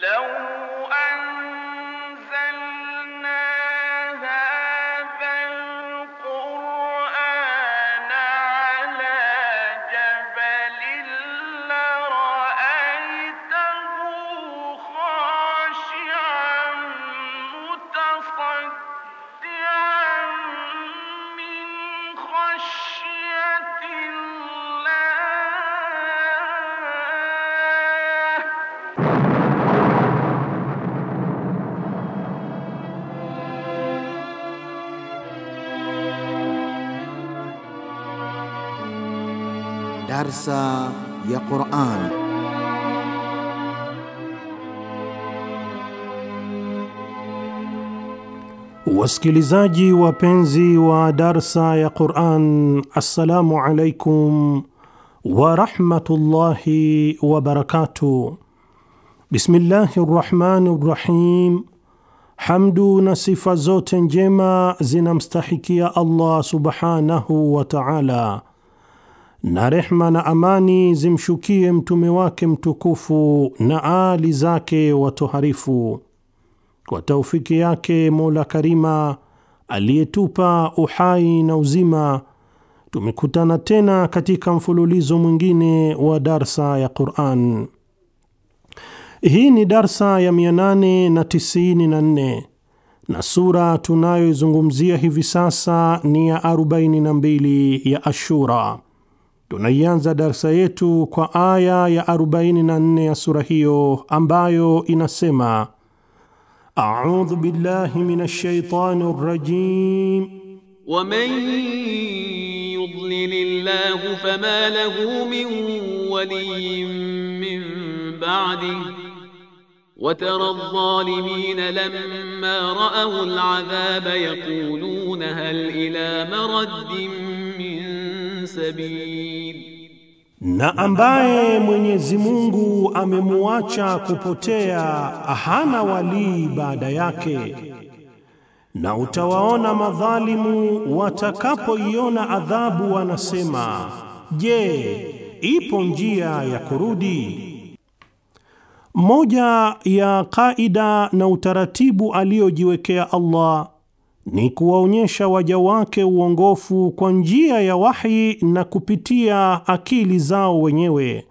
لو درسا يا قرآن Wasikilizaji wapenzi wa darsa ya Qur'an, assalamu alaikum wa rahmatullahi wa barakatuh. Bismillahi rrahmani rrahim. Hamdu na sifa zote njema zinamstahikia Allah subhanahu wa ta'ala, na rehma na amani zimshukie mtume wake mtukufu na aali zake watoharifu. Kwa taufiki yake Mola Karima aliyetupa uhai na uzima, tumekutana tena katika mfululizo mwingine wa darsa ya Qur'an. Hii ni darsa ya 894 na sura tunayoizungumzia hivi sasa ni ya 42 ya Ashura. Tunaianza darsa yetu kwa aya ya 44 ya sura hiyo ambayo inasema: a'udhu billahi minash shaitani rrajim wa man yudlilillahu fama lahu min waliyyin min ba'dihi وترى الظالمين لما رأوا العذاب يقولون هل إلى مرد من sabil, na ambaye Mwenyezi Mungu amemuacha kupotea hana walii baada yake, na utawaona madhalimu watakapoiona adhabu wanasema, je, ipo njia ya kurudi? Moja ya kaida na utaratibu aliyojiwekea Allah ni kuwaonyesha waja wake uongofu kwa njia ya wahi na kupitia akili zao wenyewe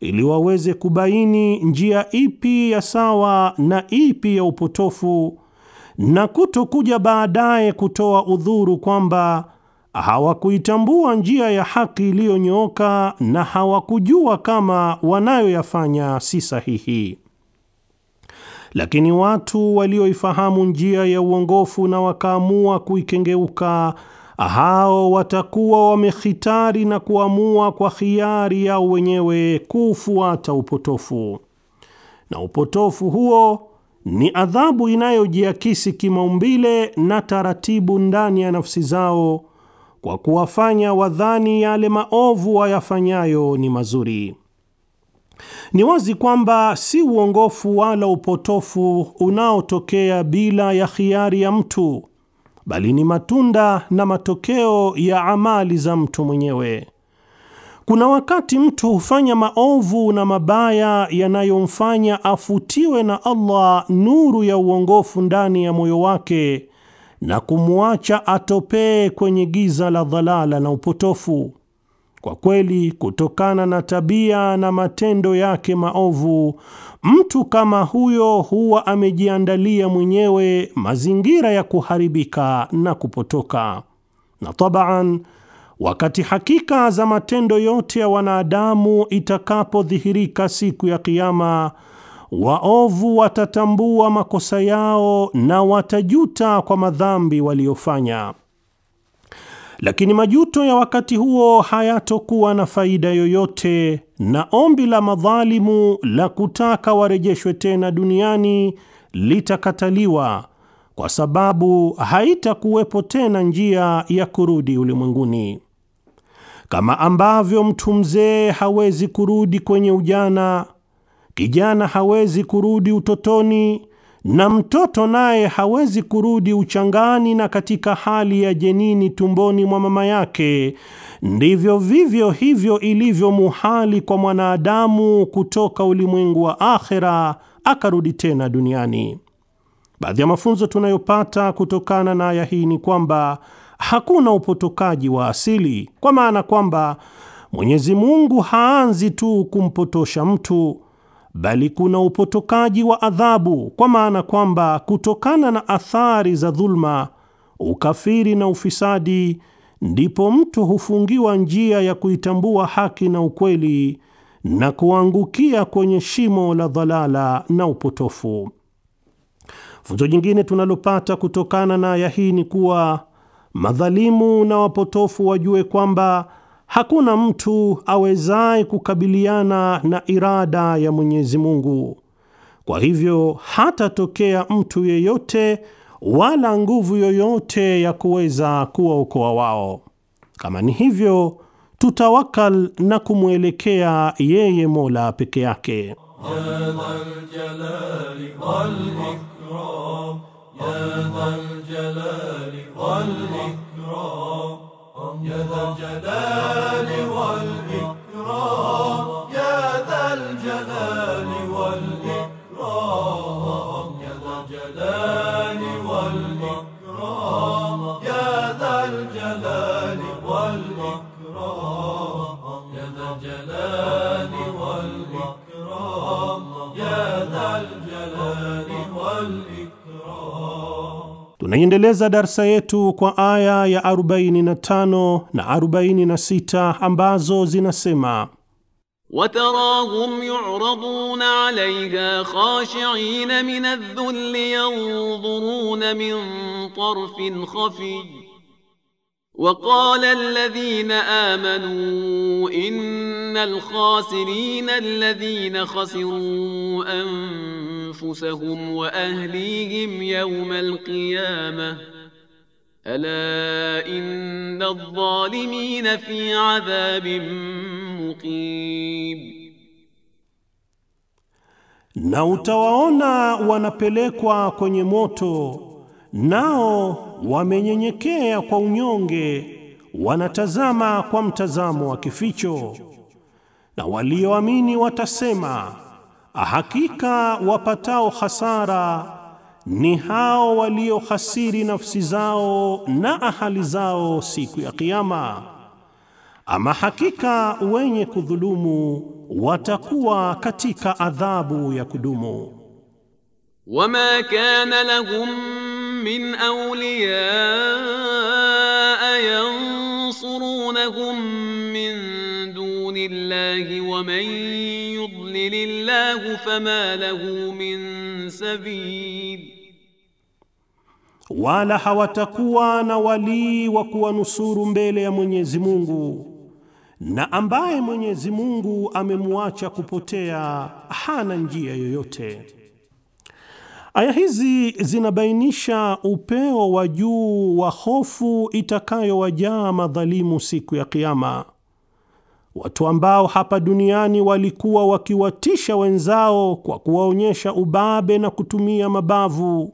ili waweze kubaini njia ipi ya sawa na ipi ya upotofu na kutokuja baadaye kutoa udhuru kwamba hawakuitambua njia ya haki iliyonyooka na hawakujua kama wanayoyafanya si sahihi lakini watu walioifahamu njia ya uongofu na wakaamua kuikengeuka, hao watakuwa wamehitari na kuamua kwa hiari yao wenyewe kuufuata upotofu, na upotofu huo ni adhabu inayojiakisi kimaumbile na taratibu ndani ya nafsi zao, kwa kuwafanya wadhani yale maovu wayafanyayo ni mazuri. Ni wazi kwamba si uongofu wala upotofu unaotokea bila ya khiari ya mtu, bali ni matunda na matokeo ya amali za mtu mwenyewe. Kuna wakati mtu hufanya maovu na mabaya yanayomfanya afutiwe na Allah nuru ya uongofu ndani ya moyo wake na kumwacha atopee kwenye giza la dhalala na upotofu. Kwa kweli kutokana na tabia na matendo yake maovu, mtu kama huyo huwa amejiandalia mwenyewe mazingira ya kuharibika na kupotoka. Na tabaan, wakati hakika za matendo yote ya wanadamu itakapodhihirika siku ya kiama waovu watatambua makosa yao na watajuta kwa madhambi waliyofanya lakini majuto ya wakati huo hayatokuwa na faida yoyote, na ombi la madhalimu la kutaka warejeshwe tena duniani litakataliwa, kwa sababu haitakuwepo tena njia ya kurudi ulimwenguni. Kama ambavyo mtu mzee hawezi kurudi kwenye ujana, kijana hawezi kurudi utotoni na mtoto naye hawezi kurudi uchangani na katika hali ya jenini tumboni mwa mama yake, ndivyo vivyo hivyo ilivyo muhali kwa mwanadamu kutoka ulimwengu wa akhera akarudi tena duniani. Baadhi ya mafunzo tunayopata kutokana na aya hii ni kwamba hakuna upotokaji wa asili, kwa maana kwamba Mwenyezi Mungu haanzi tu kumpotosha mtu bali kuna upotokaji wa adhabu, kwa maana kwamba kutokana na athari za dhulma, ukafiri na ufisadi, ndipo mtu hufungiwa njia ya kuitambua haki na ukweli na kuangukia kwenye shimo la dhalala na upotofu. Funzo jingine tunalopata kutokana na aya hii ni kuwa madhalimu na wapotofu wajue kwamba Hakuna mtu awezaye kukabiliana na irada ya Mwenyezi Mungu. Kwa hivyo hatatokea mtu yeyote wala nguvu yoyote ya kuweza kuwaokoa wao. Kama ni hivyo, tutawakal na kumwelekea yeye Mola peke yake. يا ذا الجلال والإكرام يا ذا الجلال والإكرام يا ذا الجلال والإكرام Tunaiendeleza darsa yetu kwa aya ya 45 na 46 ambazo zinasema: Watarahum وتراهم alayha khashi'in min adh-dhull yanzurun min tarfin khafi وقال الذين آمنوا إن الخاسرين الذين خسروا أنفسهم أنفسهم وأهليهم يوم القيامة ألا إن الظالمين في عذاب مقيم na utawaona wanapelekwa kwenye moto, nao wamenyenyekea kwa unyonge, wanatazama kwa mtazamo wa kificho. Na walioamini watasema Hakika wapatao hasara ni hao waliohasiri nafsi zao na ahali zao siku ya Kiyama. Ama hakika wenye kudhulumu watakuwa katika adhabu ya kudumu. Wama kana lahum min من yansurunahum min ومن يضلل يضلل الله fama lahu min sabil, wala hawatakuwa na walii wa kuwanusuru mbele ya Mwenyezi Mungu, na ambaye Mwenyezi Mungu amemwacha kupotea hana njia yoyote. Aya hizi zinabainisha upeo wa juu wa hofu itakayowajaa madhalimu siku ya Kiyama watu ambao hapa duniani walikuwa wakiwatisha wenzao kwa kuwaonyesha ubabe na kutumia mabavu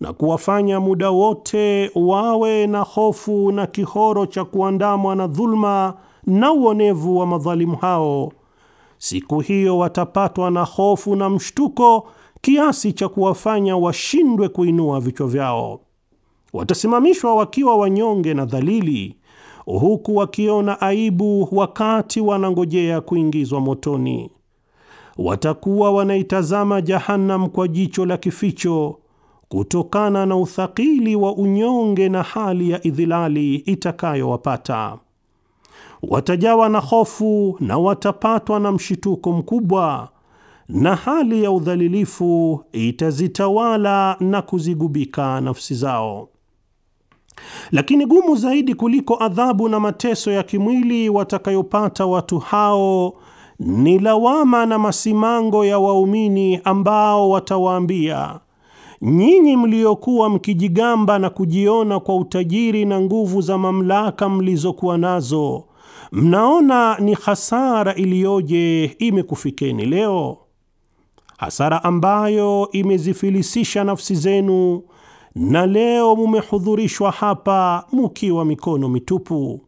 na kuwafanya muda wote wawe na hofu na kihoro cha kuandamwa na dhuluma na uonevu wa madhalimu hao. Siku hiyo watapatwa na hofu na mshtuko kiasi cha kuwafanya washindwe kuinua vichwa vyao. Watasimamishwa wakiwa wanyonge na dhalili huku wakiona aibu wakati wanangojea kuingizwa motoni. Watakuwa wanaitazama Jahannam kwa jicho la kificho kutokana na uthakili wa unyonge na hali ya idhilali itakayowapata. Watajawa na hofu na watapatwa na mshituko mkubwa, na hali ya udhalilifu itazitawala na kuzigubika nafsi zao. Lakini gumu zaidi kuliko adhabu na mateso ya kimwili watakayopata watu hao ni lawama na masimango ya waumini ambao watawaambia, nyinyi mliokuwa mkijigamba na kujiona kwa utajiri na nguvu za mamlaka mlizokuwa nazo, mnaona ni hasara iliyoje imekufikeni leo, hasara ambayo imezifilisisha nafsi zenu na leo mumehudhurishwa hapa mukiwa mikono mitupu,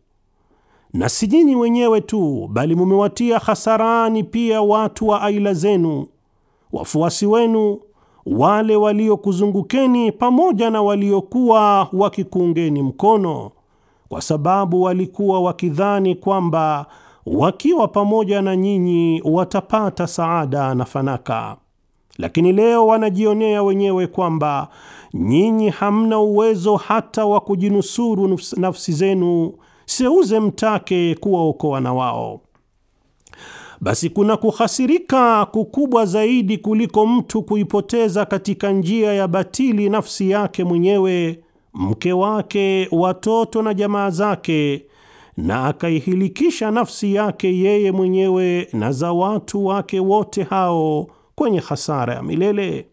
na si nyinyi wenyewe tu, bali mumewatia hasarani pia watu wa aila zenu, wafuasi wenu, wale waliokuzungukeni pamoja na waliokuwa wakikuungeni mkono, kwa sababu walikuwa wakidhani kwamba wakiwa pamoja na nyinyi watapata saada na fanaka lakini leo wanajionea wenyewe kwamba nyinyi hamna uwezo hata wa kujinusuru nafsi zenu, seuze mtake kuwaokoa na wao. Basi kuna kuhasirika kukubwa zaidi kuliko mtu kuipoteza katika njia ya batili nafsi yake mwenyewe, mke wake, watoto na jamaa zake, na akaihilikisha nafsi yake yeye mwenyewe na za watu wake wote hao kwenye hasara ya milele.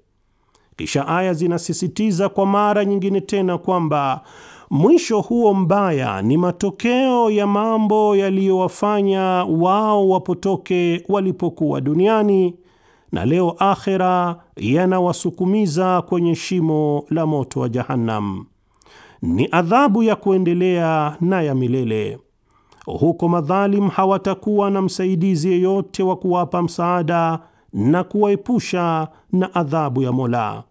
Kisha aya zinasisitiza kwa mara nyingine tena kwamba mwisho huo mbaya ni matokeo ya mambo yaliyowafanya wao wapotoke walipokuwa duniani, na leo akhera yanawasukumiza kwenye shimo la moto wa Jahannam. Ni adhabu ya kuendelea na ya milele. Huko madhalim hawatakuwa na msaidizi yeyote wa kuwapa msaada na kuwaepusha na adhabu ya Mola.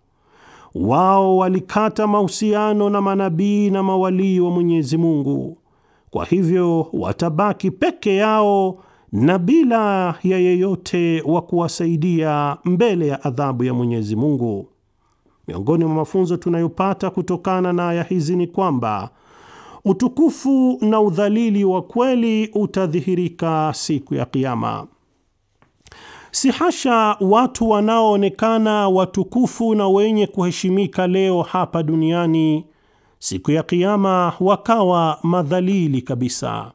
Wao walikata mahusiano na manabii na mawalii wa Mwenyezi Mungu, kwa hivyo watabaki peke yao na bila ya yeyote wa kuwasaidia mbele ya adhabu ya Mwenyezi Mungu. Miongoni mwa mafunzo tunayopata kutokana na aya hizi ni kwamba utukufu na udhalili wa kweli utadhihirika siku ya Kiyama. Si hasha watu wanaoonekana watukufu na wenye kuheshimika leo hapa duniani siku ya Kiyama wakawa madhalili kabisa,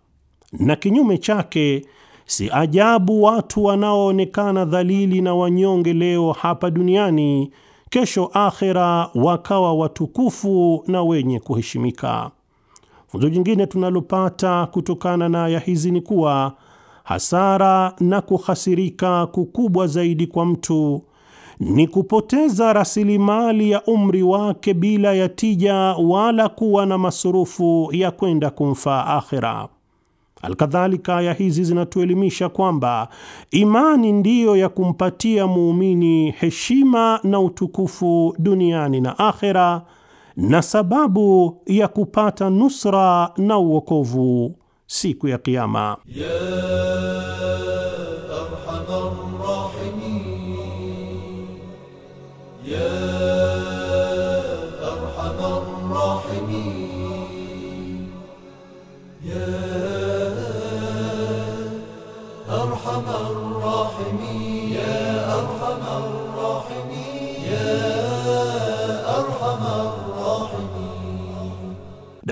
na kinyume chake, si ajabu watu wanaoonekana dhalili na wanyonge leo hapa duniani kesho akhera wakawa watukufu na wenye kuheshimika. Funzo jingine tunalopata kutokana na aya hizi ni kuwa hasara na kuhasirika kukubwa zaidi kwa mtu ni kupoteza rasilimali ya umri wake bila ya tija wala kuwa na masurufu ya kwenda kumfaa akhira. Alkadhalika, aya hizi zinatuelimisha kwamba imani ndiyo ya kumpatia muumini heshima na utukufu duniani na akhera, na sababu ya kupata nusra na uokovu siku ya Kiama.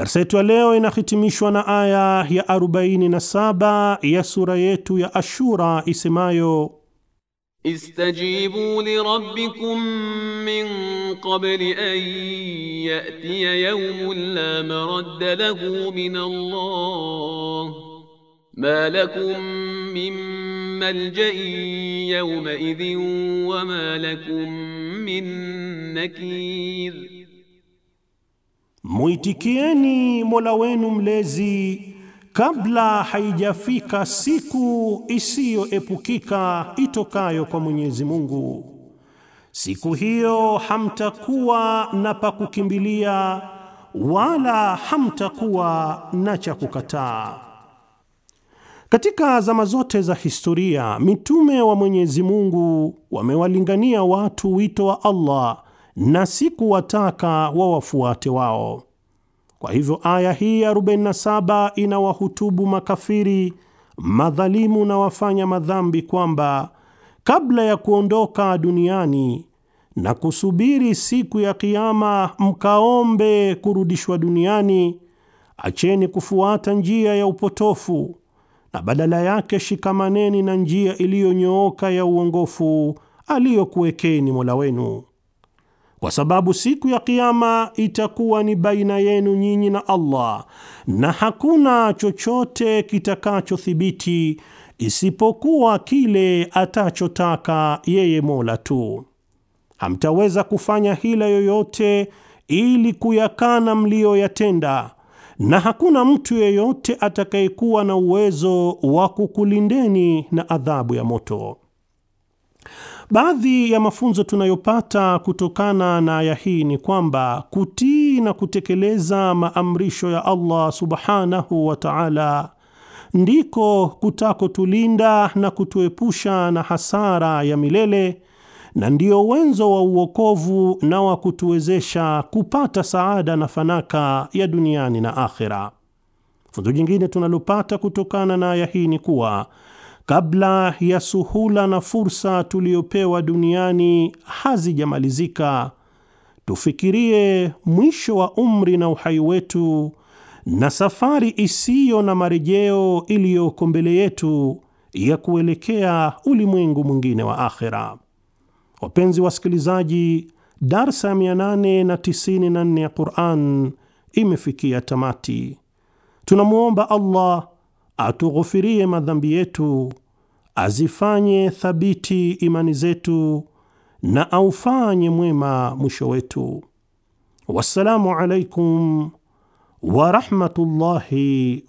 Darsa yetu ya leo inahitimishwa na aya ya 47 ya sura yetu ya Ashura isemayo Istajibu li rabbikum min qabli an yatiya yawmun la maradda lahu min Allah ma lakum min malja'i yawma idhin wa ma lakum min nakir Muitikieni Mola wenu mlezi kabla haijafika siku isiyoepukika itokayo kwa Mwenyezi Mungu. Siku hiyo hamtakuwa na pa kukimbilia wala hamtakuwa na cha kukataa. Katika zama zote za historia mitume wa Mwenyezi Mungu wamewalingania watu wito wa Allah na sikuwataka wawafuate wao. Kwa hivyo aya hii ya 47 inawahutubu makafiri, madhalimu na wafanya madhambi kwamba kabla ya kuondoka duniani na kusubiri siku ya Kiama mkaombe kurudishwa duniani, acheni kufuata njia ya upotofu na badala yake shikamaneni na njia iliyonyooka ya uongofu aliyokuwekeni Mola wenu kwa sababu siku ya Kiyama itakuwa ni baina yenu nyinyi na Allah, na hakuna chochote kitakachothibiti isipokuwa kile atachotaka yeye Mola tu. Hamtaweza kufanya hila yoyote ili kuyakana mliyoyatenda, na hakuna mtu yeyote atakayekuwa na uwezo wa kukulindeni na adhabu ya moto. Baadhi ya mafunzo tunayopata kutokana na aya hii ni kwamba kutii na kutekeleza maamrisho ya Allah subhanahu wa ta'ala ndiko kutakotulinda na kutuepusha na hasara ya milele na ndiyo wenzo wa uokovu na wa kutuwezesha kupata saada na fanaka ya duniani na akhera. Funzo jingine tunalopata kutokana na aya hii ni kuwa kabla ya suhula na fursa tuliyopewa duniani hazijamalizika, tufikirie mwisho wa umri na uhai wetu na safari isiyo na marejeo iliyoko mbele yetu ya kuelekea ulimwengu mwingine wa akhera. Wapenzi wasikilizaji, darsa ya 894 ya Qur'an imefikia tamati. Tunamwomba Allah atughufirie madhambi yetu, azifanye thabiti imani zetu, na aufanye mwema mwisho wetu. Wassalamu alaikum wa rahmatullahi